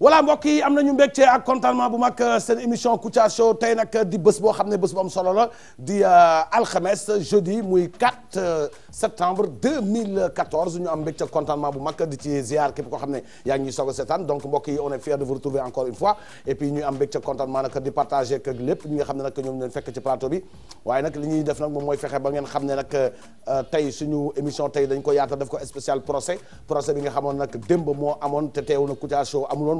voilà mbokk yi am nañu mbégte ak contentement bu mag euh, seen émission Kouthia Show tey nag euh, di bés boo xam ne bés bu am solo la di euh, alxames jeudi muy 4 septembre 2014 ñu am mbégte ak contentement bu mag di ci ziar képp koo xam ne yaa ngi ñuy soog a seetaan donc mbokk yi on est fiers de vous retrouver encore une fois et puis ñuy am mbégte ak contentement nag di partager ak lépp ñi nga xam ne nag ñoom fekk ci plateau bi waaye nag li ñuy def nag mooy fexe ba ngeen xam ne nag tey suñu émission tey dañ ko yaatal def ko spécial procès procès bi nga xamoon nag démb moo amoon te teew na Kouthia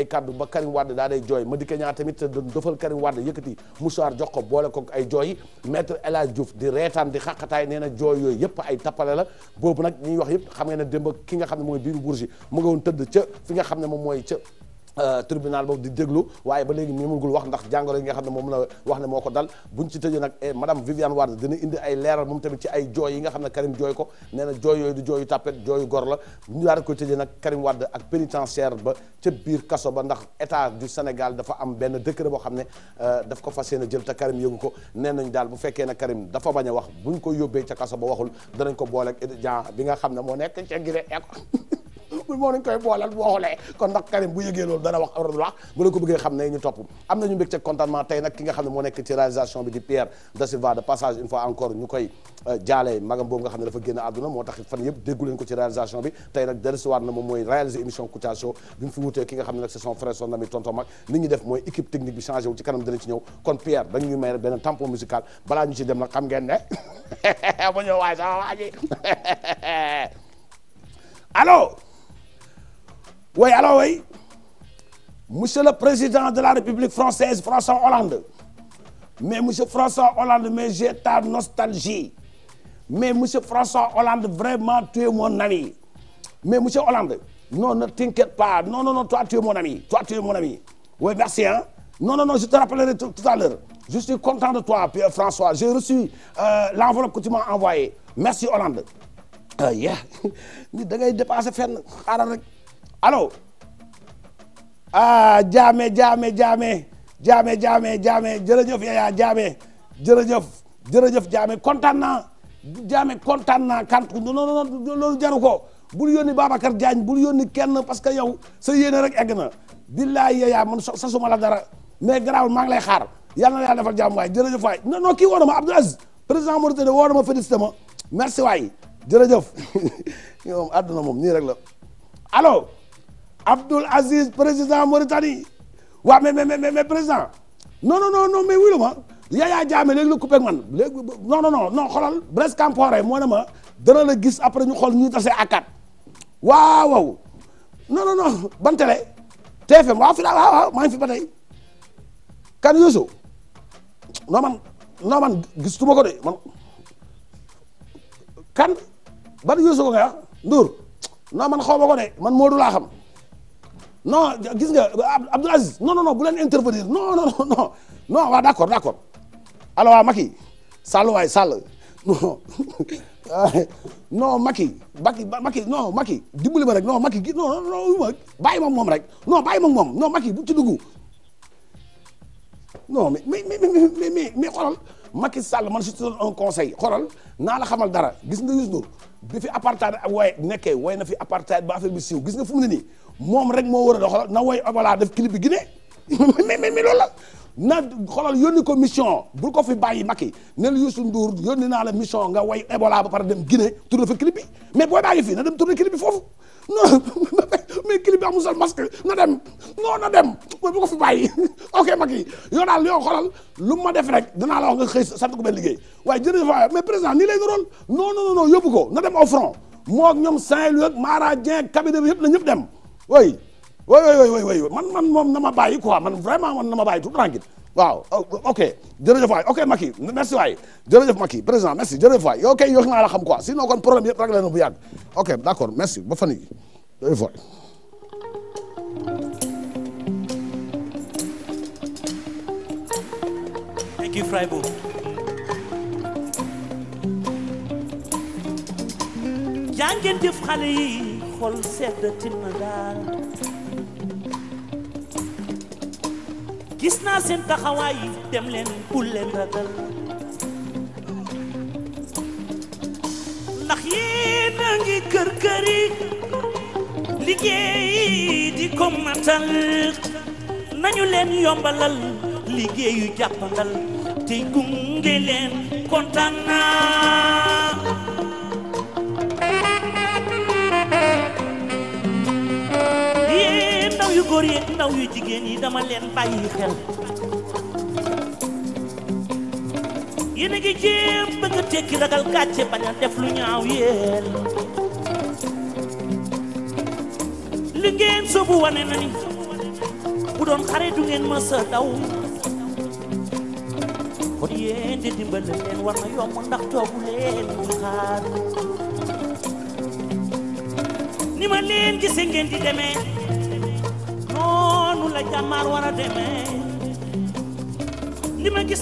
ay kaddu ba Karim Wade daa day jooy Madické Niang tamit dofal Karim Wade yëkkati mouchoir jox ko boole ko ay jooy maître El Hadj Diouf di reetaan di xaqataay nee na jooy yooyu yëpp ay tappale la boobu nag ñuy wax yëpp xam nga ne démb ki nga xam ne mooy biiru Bourgi mu nga woon tëdd ca fi nga xam ne moom mooy ca Euh, tribunal boobu di déglu waaye ba léegi mënagul wax ndax jàngoro yi nga xam ne moom la wax ne moo ko dal buñ ci tëjee nag eh, madame Viviane Wade dina indi ay leeral moom tamit ci ay jooy yi nga xam ne Karim jooy ko nee na jooy yooyu du jooyu tàppet jooyu gor la ñu daal koy tëjee nag ak pénitentiaire ba ca biir kaso ba ndax état du Sénégal dafa am benn décret boo xam ne euh, daf ko fas yéene jël te Karim yëgu ko nee nañ daal bu fekkee ne Karim dafa bañ a wax buñ ko yóbbee ca kaso ba waxul danañ ko booleeg étudiant bi nga xam ne moo nekk ca gire école bu moo nañ koy boolal boolee kon ndax Karim bu yëgee loolu dana wax ordre wax bu la ko xam ne ñu topp am na mbégte contentement ne moo nekk ci réalisation bi di Pierre Da Silva de passage une fois encore ñu koy euh, jaalee magam boobu nga xam ne dafa génn àdduna moo tax fan yëpp déggu leen ko ci réalisation bi tey nag dellusiwaat na moom mooy réaliser émission Kouthia Show bi mu fi wutee ki nga xam ne nag c'est son frère son ami tonton mag li ñu def mooy équipe technique way alors way monsieur le président de la république française François Hollande mais monsieur François Hollande mais j'ai ta nostalgie mais monsieur François Hollande vraiment tu es mon ami mais monsieur Hollande non ne t'inquiète pas non non non toi tu es mon ami toi tu mon ami oui merci hein non non non je te rappellerai tout, à l'heure je suis content de toi Pierre François j'ai reçu euh, l'enveloppe que tu m'as envoyée merci Hollande ah yeah da ngay dépasser fenn allo ah jaame jaame jaame jaame jaame jaame jërëjëf Yaya jaame jërëjëf jërëjëf jaame kontaan naa jaame kontaan naa kantu non non loolu jaru ko bul yónni Babacar Diagne bul yónni kenn parce que yow sa yéene rek egg na billaay Yaya man sa suma la dara mais garaawul maa ngi lay xaar yàlla na yàlla defal jàmm waay jërëjëf waay non non kii woo na ma Abdou Aziz président Mauritanie woo na ma félicité ma merci waay jërëjëf moom àdduna moom nii rek la Abdoul Aziz président Mauritanie waa mais mais mais mais président non non non non mais wuyu ma Yaya Jammeh léegi la coupé ak man léegi non non non non xoolal Blaise Compaoré moo ne ma dana la gis après ñu xool ñu tasee akkat waaw waaw non non non ban télé fi la waaw waaw fi ba kan Youssou non man non man ko de man kan ban Youssou ko nga wax Ndour man xaw ma ko de man Modou laa xam. non gis nga Abdoul Aziz non non non bu leen intervenir non non non d' accord d' accord alors waa Macky Sall waay Sall non non Macky Macky Macky non Macky dimbali ma rek non Macky gi bàyyi ma moom rek non bàyyi ma moom non Macky bu ci dugg non mais mais mais mais mais xoolal Macky Sall man conseil xoolal naa la xamal dara gis nga Youssou Ndour bi fi apartheid ak waaye nekkee way na fi apartheid ba affaire bi siiw gis nga fu mu nii. moom rek moo war a doon xoolal na woy Ebola def clip bi Guinée mais mais mais loolu la na xoolal yónni ko mission bul ko fi bàyyi Macky ne la Youssou Ndour yónni naa la mission nga woy Ebola ba pare dem Guinée tourné fa clip bi mais booy baa ngi fii na dem tourné clip bi foofu non mais clip bi na dem non na dem booy bu ko fi bàyyi ok Macky yow daal lu ma def rek danaa la xëy sant ko benn liggéey waaye jërëjëf waay mais président nii lay doon non dem au front moo ak ñoom Saint-Louis ak Mara yëpp na ñëpp dem. way way way way way man man moom na ma bàyyi quoi man vraiment man na ma bàyyi tout tranquille waaw oh, ok jërëjëf waay ok Macky merci waay jërëjëf Macky président merci jërëjëf waay ok yoo xam naa la xam quoi sinon kon problème yëpp réglé na bu yàgg ok d'accord merci ba fan yi jërëjëf waay Thank you, Freiburg. jaa ngeen jëf xale yi xol sedd tinna daal gis naa seen taxawaay yi dem leen bul leen ragal ndax yéena ngi kër këri liggéey di ko matal nañu leen yombalal liggéeyu jàppandal te gunge leen kontaan yu góor yeeg ndaw yu jigéen yi dama leen bàyyi xel yéen a ngi jéem bëgg a tekki ragal gàcce bañ a def lu ñaaw yéen li ngeen soobu wane na ni bu doon xare du ngeen mës a daw kon yéen di dimbale leen war na yomb ndax toogu leen mu xaar ni ma leen gisee ngeen di demee la jàmmaar war a demee li ma gis